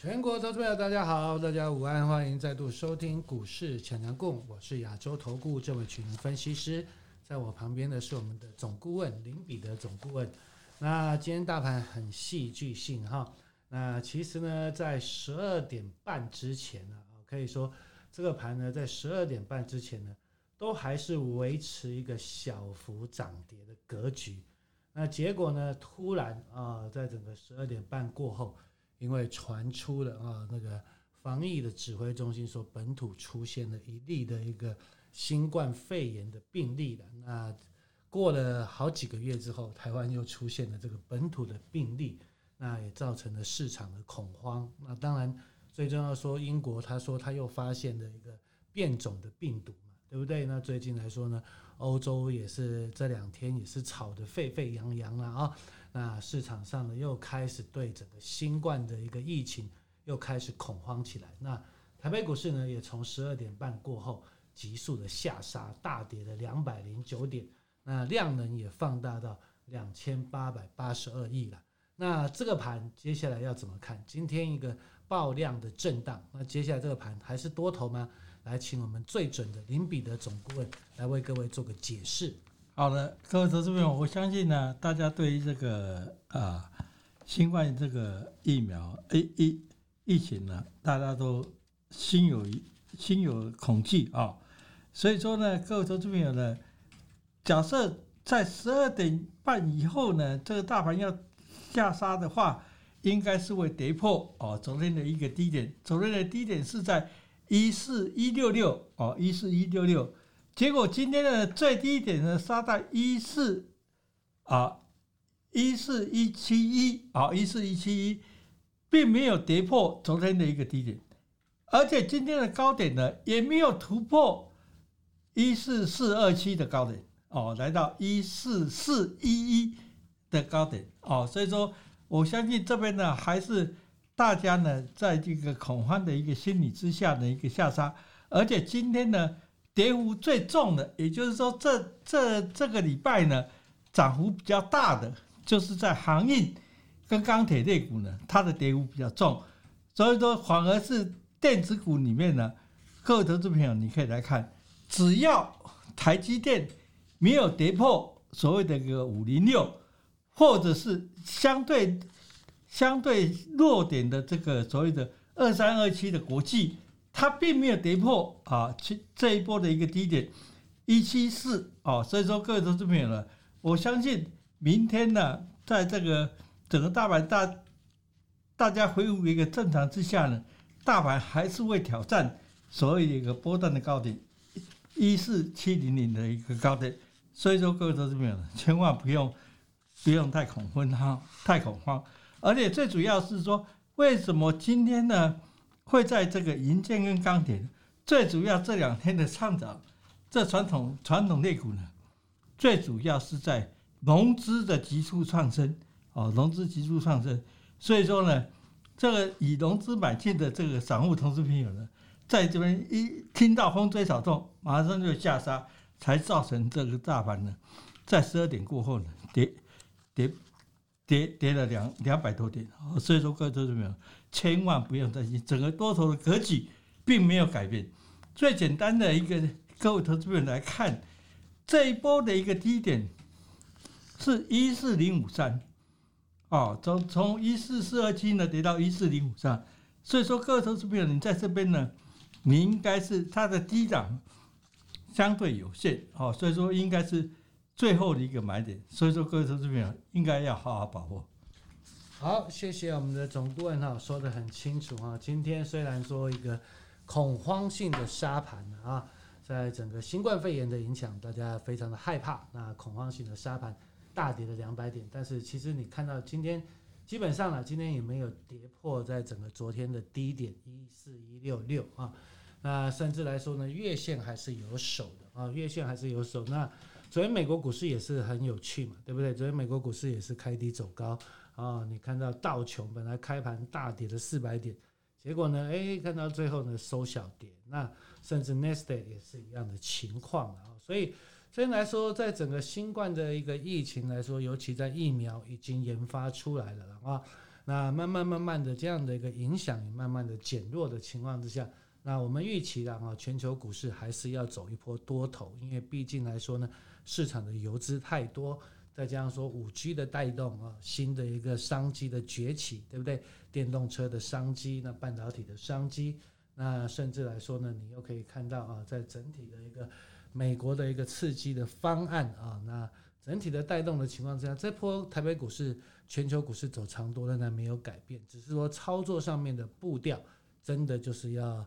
全國投資朋友，大家好，大家午安，歡迎再度收聽股市強強滾，我是亞洲投顧鄭偉群分析師，在我旁邊的是我們的總顧問林彼得總顧問。那今天大盤很戲劇性哈，那其實呢，在十二點半之前呢，可以說這個盤呢，在十二點半之前呢，都還是維持一個小幅漲跌的格局。那結果呢，突然啊，在整個十二點半過後。因為傳出了啊，那個防疫的指揮中心說本土出現了一例的一個新冠肺炎的病例了。那過了好幾個月之後，台灣又出現了這個本土的病例，那也造成了市場的恐慌。那當然，最重要說英國他說他又發現了一個變種的病毒嘛，對不對？那最近來說呢，歐洲也是這兩天也是吵得沸沸揚揚了啊。那市場上呢，又開始對整個新冠的一個疫情又開始恐慌起來。那台北股市呢，也從十二點半過後急速的下殺，大跌了兩百零九點，那量能也放大到兩千八百八十二億了。那這個盤接下來要怎麼看？今天一個爆量的震盪，那接下來這個盤還是多頭嗎？來，請我們最準的林彼得總顧問來為各位做個解釋。好的，各位投資朋友，我相信呢，大家對於這個啊，新冠這個疫苗疫疫疫情呢，大家都心有心有恐懼啊，哦。所以說呢，各位投資朋友呢，假設在十二點半以後呢，這個大盤要下殺的話，應該是會跌破哦，昨天的一個低點。昨天的低點是在一四一六六哦，一四一六六。結果今天的最低點呢殺到一四啊，一四一七一啊，一四一七一，並沒有跌破昨天的一個低點，而且今天的高點呢也沒有突破一四四二七的高點哦，來到一四四一一的高點哦，所以說我相信這邊呢還是大家呢在這個恐慌的一個心理之下的一個下殺，而且今天呢。跌幅最重的，也就是說，這，這這這個禮拜呢，漲幅比較大的，就是在航運跟鋼鐵類股呢，它的跌幅比較重。所以說，反而是電子股裡面呢，各位投資朋友，你可以來看，只要台積電沒有跌破所謂的個五零六，或者是相對相對弱點的這個所謂的二三二七的國巨。他並沒有跌破啊，這一波的一個低點一七四啊，所以說各位投資者朋友呢，我相信明天呢，在這個整個大盤大大家恢復一個正常之下呢，大盤還是會挑戰所謂一個波段的高點一四七零零的一個高點，所以說各位投資者朋友千萬不用不用太恐慌哈，太恐慌，而且最主要是說為什麼今天呢？會在這個營建跟鋼鐵最主要這兩天的上漲，這傳統傳統類股呢，最主要是在融資的急速上升，哦，融資急速上升，所以說呢，這個以融資買進的這個散戶投資朋友呢，在這邊一聽到風吹草動，馬上就下殺，才造成這個大盤呢，在十二點過後呢，跌跌。跌跌了兩兩百多點啊，所以說各位投資朋友，千萬不要擔心，整個多頭的格局並沒有改變。最簡單的一個，各位投資朋友來看，這一波的一個低點是一四零五三，啊，從從一四四二七呢跌到一四零五三，所以說各位投資朋友，你在這邊呢，你應該是它的低檔相對有限啊、哦，所以說應該是。最後的一個買點，所以說各位投資朋友應該要好好把握。好，謝謝我們的總顧問哈，說得很清楚啊。今天雖然說一個恐慌性的殺盤啊，在整個新冠肺炎的影響，大家非常的害怕，那恐慌性的殺盤大跌了兩百點，但是其實你看到今天基本上呢，啊，今天也沒有跌破在整個昨天的低點一四一六六啊，那甚至來說呢，月線還是有守的啊，月線還是有守那。所以，美國股市也是很有趣嘛，對不對？所以美國股市也是開低走高啊、哦，你看到道瓊本來開盤大跌的四百點，結果呢，哎，看到最後呢收小跌，那甚至 Nasdaq 也是一樣的情況啊。所以，所以來說，在整個新冠的一個疫情來說，尤其在疫苗已經研發出來了了啊、哦，那慢慢慢慢的這樣的一個影響也慢慢的減弱的情況之下。那我們預期的啊，全球股市還是要走一波多頭，因為畢竟來說呢，市場的游資太多，再加上說五 G 的帶動啊，新的一個商機的崛起，對不對？電動車的商機，那半導體的商機，那甚至來說呢，你又可以看到啊，在整體的一個美國的一個刺激的方案啊，那整體的帶動的情況之下，這波台北股市、全球股市走長多的呢沒有改變，只是說操作上面的步調，真的就是要。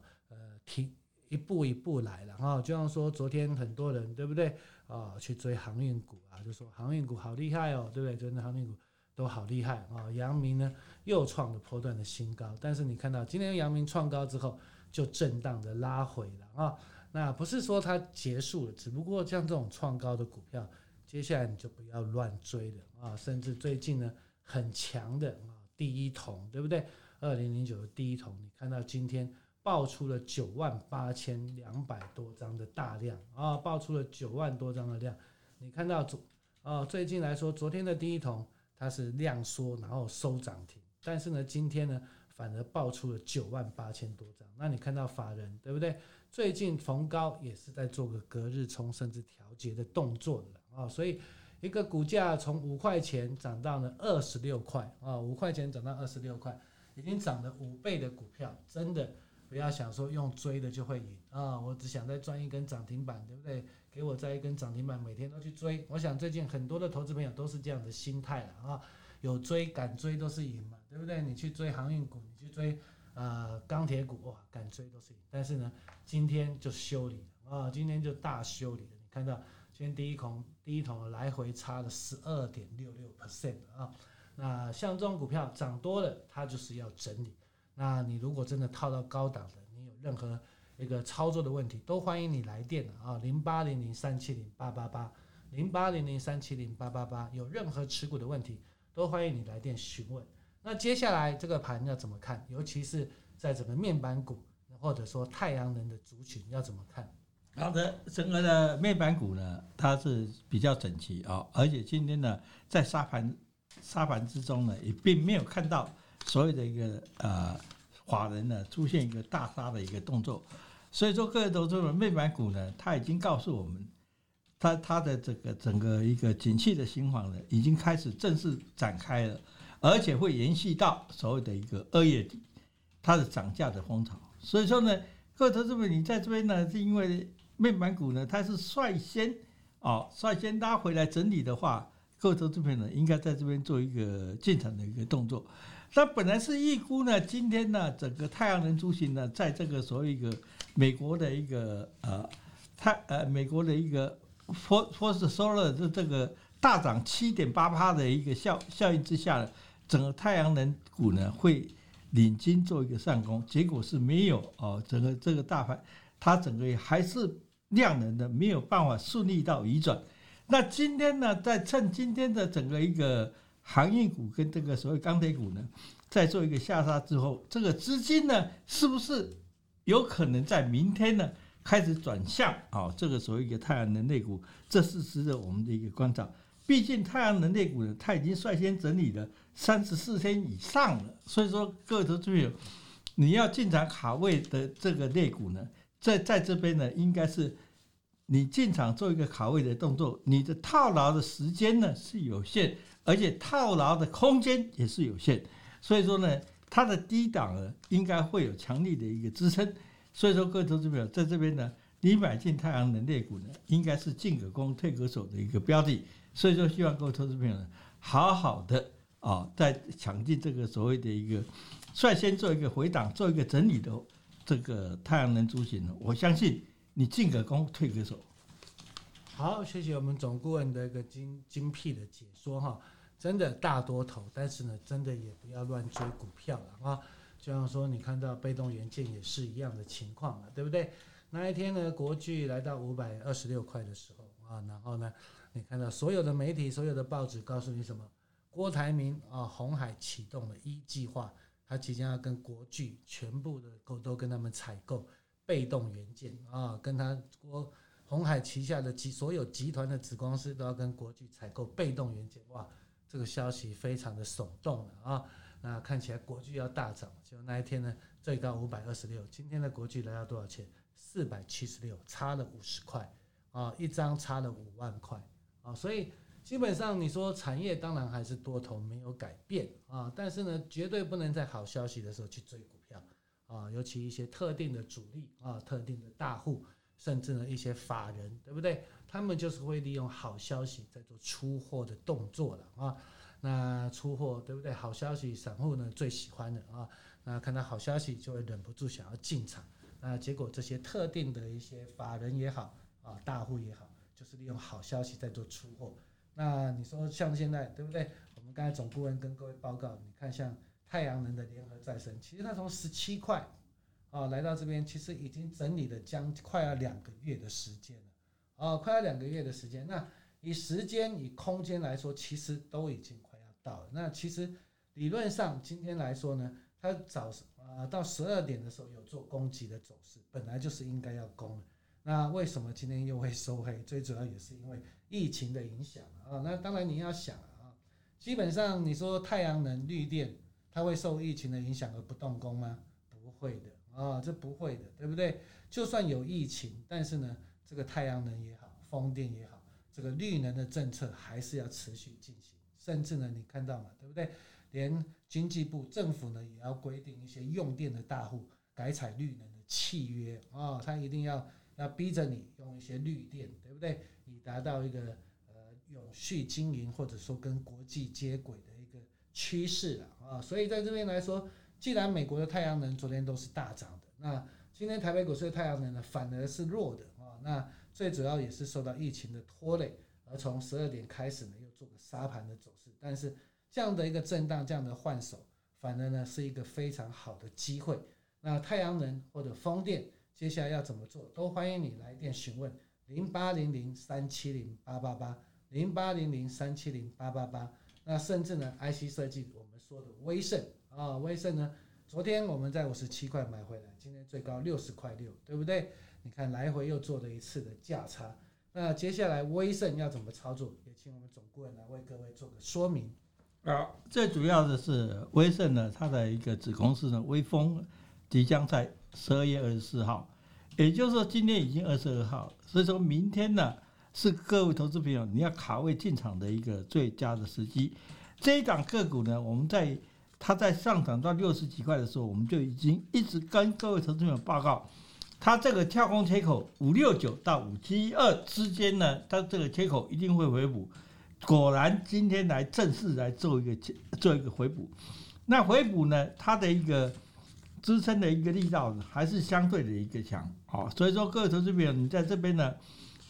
一一步一步來，了啊，就像說昨天很多人對不對啊、哦？去追航運股啊，就說航運股好厲害哦，對不對？真的航運股都好厲害啊、哦！陽明呢又創了波段的新高，但是你看到今天陽明創高之後就震盪的拉回了啊、哦。那不是說它結束了，只不過像這種創高的股票，接下來你就不要亂追了啊、哦。甚至最近呢很強的啊、哦，第一銅對不對？二零零九的第一銅，你看到今天。爆出了九萬八千兩百多張的大量啊、哦！爆出了九萬多張的量，你看到昨啊、哦、最近來說，昨天的第一桶它是量縮，然後收漲停。但是呢，今天呢，反而爆出了九萬八千多張。那你看到法人對不對？最近逢高也是在做個隔日沖，甚至調節的動作啊、哦！所以一個股價從五塊錢漲到了二十六塊啊，五、哦、塊錢漲到二十六塊，已經漲了五倍的股票，真的。不要想說用追的就會贏啊、哦！我只想再賺一根漲停板，對不對？給我再一根漲停板，每天都去追。我想最近很多的投資朋友都是這樣的心態了啊！有追敢追都是贏嘛，對不對？你去追航運股，你去追呃鋼鐵股，哇，敢追都是贏。但是呢，今天就修理啊！今天就大修理。你看到今天第一桶第一桶來回差了十二點六六 percent 啊！那像這種股票漲多了，它就是要整理。那你如果真的套到高檔的，你有任何一個操作的問題，都歡迎你來電啊，零八零零三七零八八八，零八零零三七零八八八，有任何持股的問題，都歡迎你來電詢問。那接下來這個盤要怎麼看？尤其是在整個面板股或者說太陽能的族群要怎麼看？好的，整個的面板股呢，它是比較整齊啊、哦，而且今天呢，在殺盤殺盤之中呢，也並沒有看到。所謂的一個呃，華人呢，出現一個大殺的一個動作，所以說各位投資者，面板股呢，它已經告訴我們，它它的這個整個一個景氣的循環呢，已經開始正式展開了，而且會延續到所謂的一個二月底，它的漲價的風潮。所以說呢，各位投資者，你在這邊呢，是因為面板股呢，它是率先哦，率先拉回來整理的話，各位這邊呢，應該在這邊做一個進場的一個動作。那本來是預估呢，今天呢，整個太陽能族群呢，在這個所謂一個美國的一個呃太呃美國的一個 First Solar 的這個大漲七點八趴的一個效效應之下呢，整個太陽能股呢會領軍做一個上攻，結果是沒有哦、呃，整個這個大盤它整個還是量能的，沒有辦法順利到移轉。那今天呢，在趁今天的整個一個航運股跟這個所謂鋼鐵股呢，在做一個下殺之後，這個資金呢，是不是有可能在明天呢開始轉向？啊、哦，這個所謂一個太陽能類股，這是值得我們的一個觀察。畢竟太陽能類股呢，它已經率先整理了三十四天以上了，所以說各位投資朋友，你要進場卡位的這個類股呢，在在這邊呢，應該是。你進場做一個卡位的動作，你的套牢的時間呢，是有限，而且套牢的空間也是有限，所以說呢，它的低檔呢，應該會有強力的一個支撐，所以說各位投資朋友在這邊呢，你買進太陽能類股呢，應該是進可攻退可守的一個標的，所以說希望各位投資朋友呢，好好的啊、哦，在搶進這個所謂的一個率先做一個回檔、做一個整理的這個太陽能族群呢，我相信，你進可攻，退可守。好，謝謝我們總顧問的一個精精闢的解說哈，真的大多頭，但是呢，真的也不要亂追股票了啊。就像說，你看到被動元件也是一樣的情況了，對不對？那一天呢，國巨來到五百二十六塊的時候啊，然後呢，你看到所有的媒體、所有的報紙告訴你什麼？郭台銘啊，鴻海啟動了一計劃，他即將要跟國巨全部的購都跟他們採購。被動元件啊，跟他國鴻海旗下的集所有集團的子公司都要跟國巨採購被動元件，哇，這個消息非常的聳動啊。那看起來國巨要大漲，就那一天呢，最高五百二十六。今天的國巨來到多少錢？四百七十六，差了五十塊啊，一張差了五萬塊啊。所以基本上你說產業當然還是多頭沒有改變啊，但是呢，絕對不能在好消息的時候去追股。啊，尤其一些特定的主力啊，特定的大戶，甚至呢一些法人，對不對？他們就是會利用好消息在做出貨的動作了啊。那出貨，對不對？好消息，散戶呢最喜歡的啊。那看到好消息就會忍不住想要進場，那結果這些特定的一些法人也好啊，大戶也好，就是利用好消息在做出貨。那你說像現在，對不對？我們剛才總顧問跟各位報告，你看像。太陽能的聯合再生，其實它從十七塊啊來到這邊，其實已經整理了將近快要兩個月的時間了啊、哦，快要兩個月的時間。那以時間以空間來說，其實都已經快要到了。那其實理論上今天來說呢，它早上啊到十二點的時候有做攻擊的走勢，本來就是應該要攻的。那為什麼今天又會收黑？最主要也是因為疫情的影響啊、哦。那當然你要想啊，基本上你說太陽能綠電。它會受疫情的影響而不動工嗎？不會的啊、哦，這不會的，對不對？就算有疫情，但是呢，這個太陽能也好，風電也好，這個綠能的政策還是要持續進行。甚至呢，你看到嘛，對不對？連經濟部政府呢也要規定一些用電的大戶改採綠能的契約啊，他、哦、一定要要逼着你用一些綠電，對不對？以達到一個呃永續經營，或者說跟國際接軌的。趨勢了啊，所以在這邊來說，既然美國的太陽能昨天都是大漲的，那今天台北股市的太陽能呢，反而是弱的啊。那最主要也是受到疫情的拖累，而從十二點開始呢，又做個殺盤的走勢。但是這樣的一個震盪，這樣的換手，反而呢是一個非常好的機會。那太陽能或者風電，接下來要怎麼做，都歡迎你來電詢問零八零零三七零八八八零八零零三七零八八八。那甚至呢，IC 設計，我們說的威盛啊，威盛呢，昨天我們在五十七塊買回來，今天最高六十塊六，對不對？你看來回又做了一次的價差。那接下來威盛要怎麼操作？也請我們總顧問來為各位做個說明。啊，最主要的是威盛呢，它的一個子公司呢，威鋒即將在十二月二十四號，也就是說今天已經二十二號，所以說明天呢。是各位投資朋友，你要卡位進場的一個最佳的時機。這一檔個股呢，我們在它在上漲到六十幾塊的時候，我們就已經一直跟各位投資朋友報告，它這個跳空缺口五六九到五七二之間呢，它這個缺口一定會回補。果然今天來正式來做一個做一個回補。那回補呢，它的一個支撐的一個力道呢，還是相對的一個強啊，所以說各位投資朋友，你在這邊呢。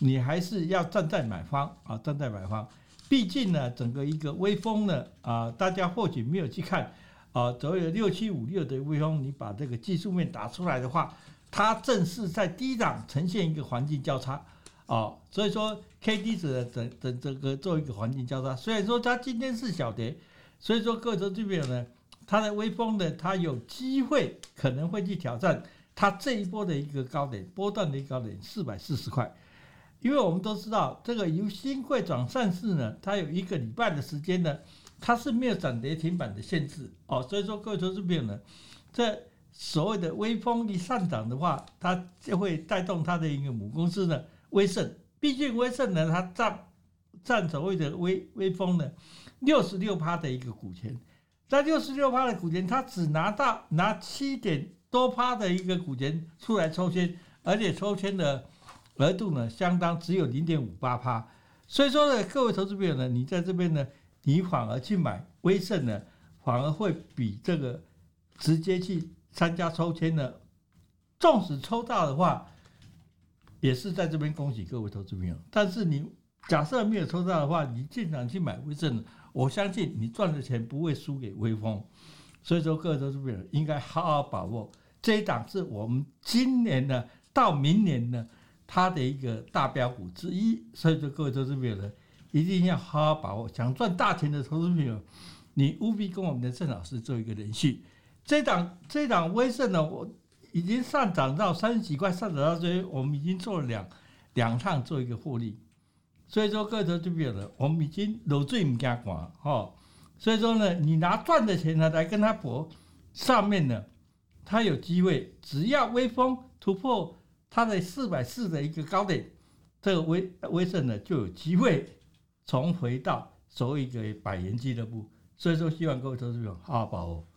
你還是要站在買方啊，站在買方，畢竟呢，整個一個微風呢啊，大家或許沒有去看啊，走有六七五六的微風，你把這個技術面打出來的話，它正是在低檔呈現一個環境交叉啊，所以說 K D 值等等這個做一個環境交叉，雖然說它今天是小跌，所以說各位投資朋友呢，它的微風呢，它有機會可能會去挑戰它這一波的一個高點，波段的一個高點四百四十塊。因為我們都知道，這個由新貴轉上市呢，它有一個禮拜的時間呢，它是沒有漲跌停板的限制哦，所以說各位投資朋友呢，這所謂的威風一上漲的話，它就會帶動它的一個母公司呢，威盛，畢竟威盛呢，它占占所謂的威威風呢六十六趴的一個股權，在六十六趴的股權，它只拿到拿七點多趴的一個股權出來抽籤，而且抽籤的。額度呢，相當只有零點五八趴，所以說呢，各位投資朋友呢，你在這邊呢，你反而去買威盛呢，反而會比這個直接去參加抽籤的，縱使抽到的話，也是在這邊恭喜各位投資朋友。但是你假設沒有抽到的話，你進場去買威盛，我相信你賺的錢不會輸給威風。所以說，各位投資朋友應該好好把握這一檔，是我們今年呢到明年呢。他的一個大標股之一，所以說各位投資朋友呢，一定要好好把握。想賺大錢的投資朋友，你務必跟我們的鄭老師做一個聯繫。這檔這檔威盛呢，我已經上漲到三十幾塊，上漲到這，我們已經做了兩兩趟做一個獲利。所以說，各位投資朋友呢，我們已經有罪不怕管哈。所以說呢，你拿賺的錢呢來跟他搏，上面呢他有機會，只要威風突破，他在四百四的一個高點，這個威威盛呢就有機會重回到所謂一個百元俱樂部，所以說希望各位投資者好好把握。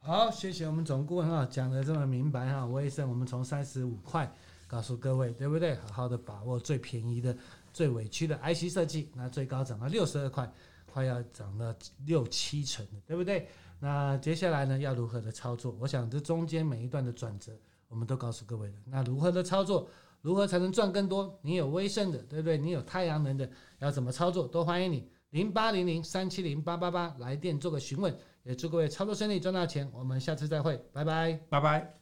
好，謝謝我們總顧問哈，講的這麼明白哈，威盛我們從三十五塊告訴各位對不對？好好的把握最便宜的、最委屈的 IC 設計，那最高漲到六十二塊，快要漲到六七成，對不對？那接下來呢要如何的操作？我想這中間每一段的轉折。我們都告訴各位了，那如何的操作，如何才能賺更多？你有威盛的，對不對？你有太陽能的，要怎麼操作都歡迎你，零八零零三七零八八八來電做個詢問。也祝各位操作順利，賺到錢。我們下次再會，拜拜，拜拜。